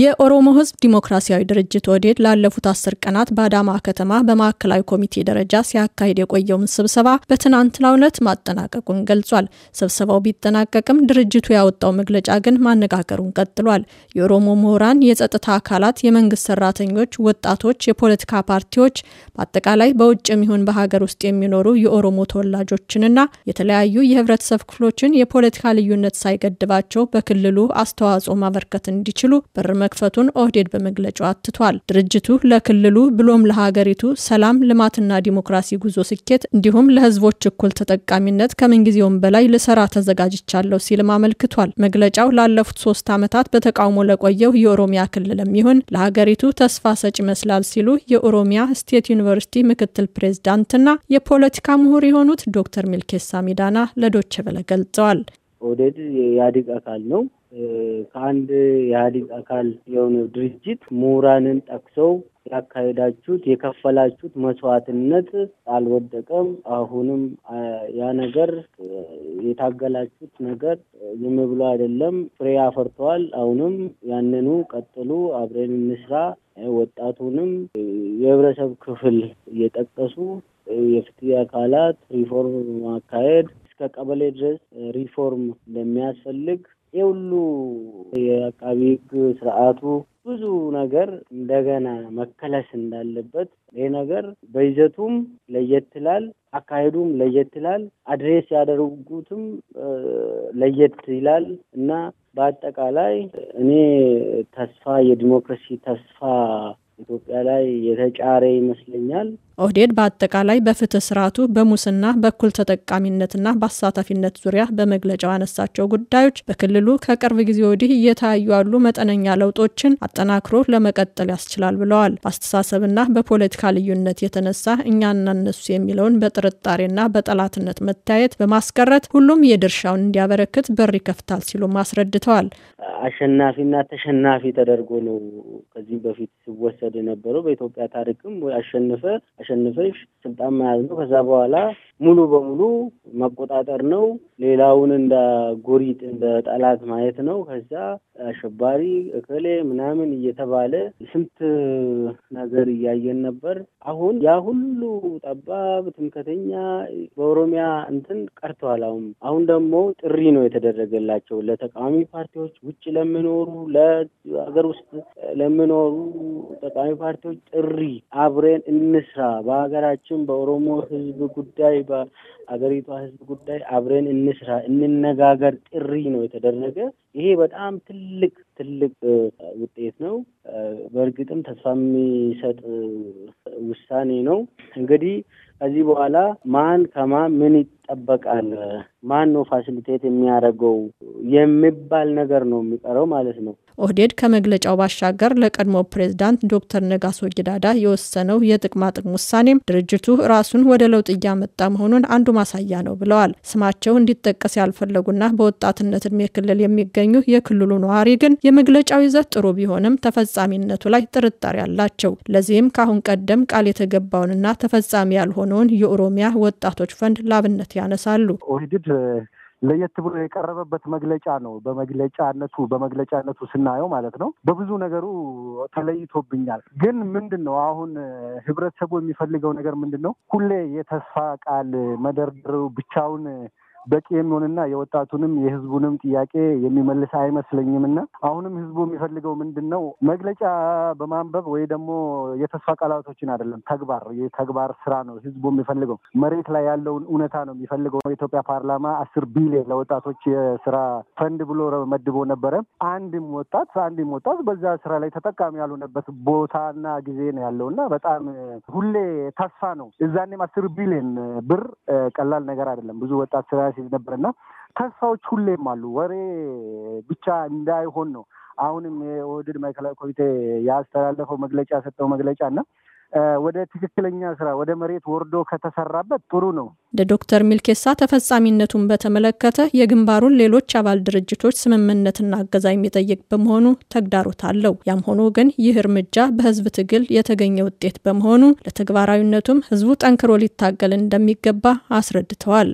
የኦሮሞ ህዝብ ዲሞክራሲያዊ ድርጅት ኦህዴድ ላለፉት አስር ቀናት በአዳማ ከተማ በማዕከላዊ ኮሚቴ ደረጃ ሲያካሄድ የቆየውን ስብሰባ በትናንትናው ዕለት ማጠናቀቁን ገልጿል። ስብሰባው ቢጠናቀቅም ድርጅቱ ያወጣው መግለጫ ግን ማነጋገሩን ቀጥሏል። የኦሮሞ ምሁራን፣ የጸጥታ አካላት፣ የመንግስት ሰራተኞች፣ ወጣቶች፣ የፖለቲካ ፓርቲዎች በአጠቃላይ በውጭ የሚሆን በሀገር ውስጥ የሚኖሩ የኦሮሞ ተወላጆችንና የተለያዩ የህብረተሰብ ክፍሎችን የፖለቲካ ልዩነት ሳይገድባቸው በክልሉ አስተዋጽኦ ማበርከት እንዲችሉ በር መክፈቱን ኦህዴድ በመግለጫው አትቷል። ድርጅቱ ለክልሉ ብሎም ለሀገሪቱ ሰላም፣ ልማትና ዲሞክራሲ ጉዞ ስኬት እንዲሁም ለህዝቦች እኩል ተጠቃሚነት ከምንጊዜውም በላይ ልሰራ ተዘጋጅቻለሁ ሲልም አመልክቷል። መግለጫው ላለፉት ሶስት ዓመታት በተቃውሞ ለቆየው የኦሮሚያ ክልልም ይሁን ለሀገሪቱ ተስፋ ሰጭ ይመስላል ሲሉ የኦሮሚያ ስቴት ዩኒቨርሲቲ ምክትል ፕሬዝዳንትና የፖለቲካ ምሁር የሆኑት ዶክተር ሚልኬሳ ሚዳና ለዶቸበለ ገልጸዋል። ኦህዴድ የኢህአዴግ አካል ነው። ከአንድ የኢህአዴግ አካል የሆነ ድርጅት ምሁራንን ጠቅሰው ያካሄዳችሁት የከፈላችሁት መስዋዕትነት አልወደቀም። አሁንም ያ ነገር የታገላችሁት ነገር ዝም ብሎ አይደለም፣ ፍሬ አፈርተዋል። አሁንም ያንኑ ቀጥሉ፣ አብረን እንስራ። ወጣቱንም የህብረተሰብ ክፍል እየጠቀሱ የፍትህ አካላት ሪፎርም ማካሄድ እስከ ቀበሌ ድረስ ሪፎርም እንደሚያስፈልግ የሁሉ ሁሉ የአቃቢ ህግ ስርዓቱ ብዙ ነገር እንደገና መከለስ እንዳለበት ይህ ነገር በይዘቱም ለየት ይላል፣ አካሄዱም ለየት ይላል፣ አድሬስ ያደርጉትም ለየት ይላል እና በአጠቃላይ እኔ ተስፋ የዲሞክራሲ ተስፋ ኢትዮጵያ ላይ የተጫረ ይመስለኛል። ኦህዴድ በአጠቃላይ በፍትህ ስርዓቱ በሙስና በኩል ተጠቃሚነትና በአሳታፊነት ዙሪያ በመግለጫው ያነሳቸው ጉዳዮች በክልሉ ከቅርብ ጊዜ ወዲህ እየታዩ ያሉ መጠነኛ ለውጦችን አጠናክሮ ለመቀጠል ያስችላል ብለዋል። በአስተሳሰብና በፖለቲካ ልዩነት የተነሳ እኛና እነሱ የሚለውን በጥርጣሬና በጠላትነት መታየት በማስቀረት ሁሉም የድርሻውን እንዲያበረክት በር ይከፍታል ሲሉም አስረድተዋል። አሸናፊና ተሸናፊ ተደርጎ ነው ከዚህ በፊት ሲወሰድ ሲወሰድ የነበረው። በኢትዮጵያ ታሪክም አሸንፈ አሸንፈሽ ስልጣን መያዝ ነው። ከዛ በኋላ ሙሉ በሙሉ መቆጣጠር ነው። ሌላውን እንደ ጎሪጥ እንደ ጠላት ማየት ነው። ከዛ አሸባሪ እከሌ ምናምን እየተባለ ስንት ነገር እያየን ነበር። አሁን ያ ሁሉ ጠባብ ትምከተኛ በኦሮሚያ እንትን ቀርተዋል። አሁን አሁን ደግሞ ጥሪ ነው የተደረገላቸው ለተቃዋሚ ፓርቲዎች ውጭ ለሚኖሩ ለሀገር ውስጥ ለሚኖሩ ተቃዋሚ ፓርቲዎች ጥሪ አብረን እንስራ፣ በሀገራችን በኦሮሞ ህዝብ ጉዳይ በአገሪቷ ህዝብ ጉዳይ አብረን እንስራ፣ እንነጋገር ጥሪ ነው የተደረገ። ይሄ በጣም ትልቅ ትልቅ ውጤት ነው። በእርግጥም ተስፋ የሚሰጥ ውሳኔ ነው። እንግዲህ ከዚህ በኋላ ማን ከማን ምን ይጠበቃል ማን ነው ፋሲሊቴት የሚያደርገው የሚባል ነገር ነው የሚቀረው ማለት ነው። ኦህዴድ ከመግለጫው ባሻገር ለቀድሞ ፕሬዝዳንት ዶክተር ነጋሶ ጊዳዳ የወሰነው የጥቅማጥቅ ውሳኔም ድርጅቱ ራሱን ወደ ለውጥ እያመጣ መሆኑን አንዱ ማሳያ ነው ብለዋል። ስማቸው እንዲጠቀስ ያልፈለጉና በወጣትነት እድሜ ክልል የሚገኙ የክልሉ ነዋሪ ግን የመግለጫው ይዘት ጥሩ ቢሆንም ተፈጻሚነቱ ላይ ጥርጣሬ አላቸው። ለዚህም ከአሁን ቀደም ቃል የተገባውንና ተፈጻሚ ያልሆነውን የኦሮሚያ ወጣቶች ፈንድ ላብነት ያነሳሉ። ኦህዴድ ለየት ብሎ የቀረበበት መግለጫ ነው። በመግለጫነቱ በመግለጫነቱ ስናየው ማለት ነው በብዙ ነገሩ ተለይቶብኛል። ግን ምንድን ነው አሁን ህብረተሰቡ የሚፈልገው ነገር ምንድን ነው? ሁሌ የተስፋ ቃል መደርደሩ ብቻውን በቂ የሚሆንና የወጣቱንም የህዝቡንም ጥያቄ የሚመልስ አይመስለኝም እና አሁንም ህዝቡ የሚፈልገው ምንድን ነው መግለጫ በማንበብ ወይ ደግሞ የተስፋ ቃላቶችን አይደለም፣ ተግባር የተግባር ስራ ነው ህዝቡ የሚፈልገው። መሬት ላይ ያለውን እውነታ ነው የሚፈልገው። የኢትዮጵያ ፓርላማ አስር ቢሊዮን ለወጣቶች የስራ ፈንድ ብሎ መድቦ ነበረ። አንድም ወጣት አንድም ወጣት በዛ ስራ ላይ ተጠቃሚ ያልሆነበት ቦታና ጊዜ ነው ያለው እና በጣም ሁሌ ተስፋ ነው። እዛኔም አስር ቢሊዮን ብር ቀላል ነገር አይደለም። ብዙ ወጣት ስራ ሲል ነበር እና ተስፋዎች ሁሌም አሉ። ወሬ ብቻ እንዳይሆን ነው አሁንም የኦህዴድ ማዕከላዊ ኮሚቴ ያስተላለፈው መግለጫ ያሰጠው መግለጫ እና ወደ ትክክለኛ ስራ ወደ መሬት ወርዶ ከተሰራበት ጥሩ ነው። ዶክተር ሚልኬሳ ተፈጻሚነቱን በተመለከተ የግንባሩን ሌሎች አባል ድርጅቶች ስምምነትና አገዛ የሚጠይቅ በመሆኑ ተግዳሮት አለው። ያም ሆኖ ግን ይህ እርምጃ በህዝብ ትግል የተገኘ ውጤት በመሆኑ ለተግባራዊነቱም ህዝቡ ጠንክሮ ሊታገል እንደሚገባ አስረድተዋል።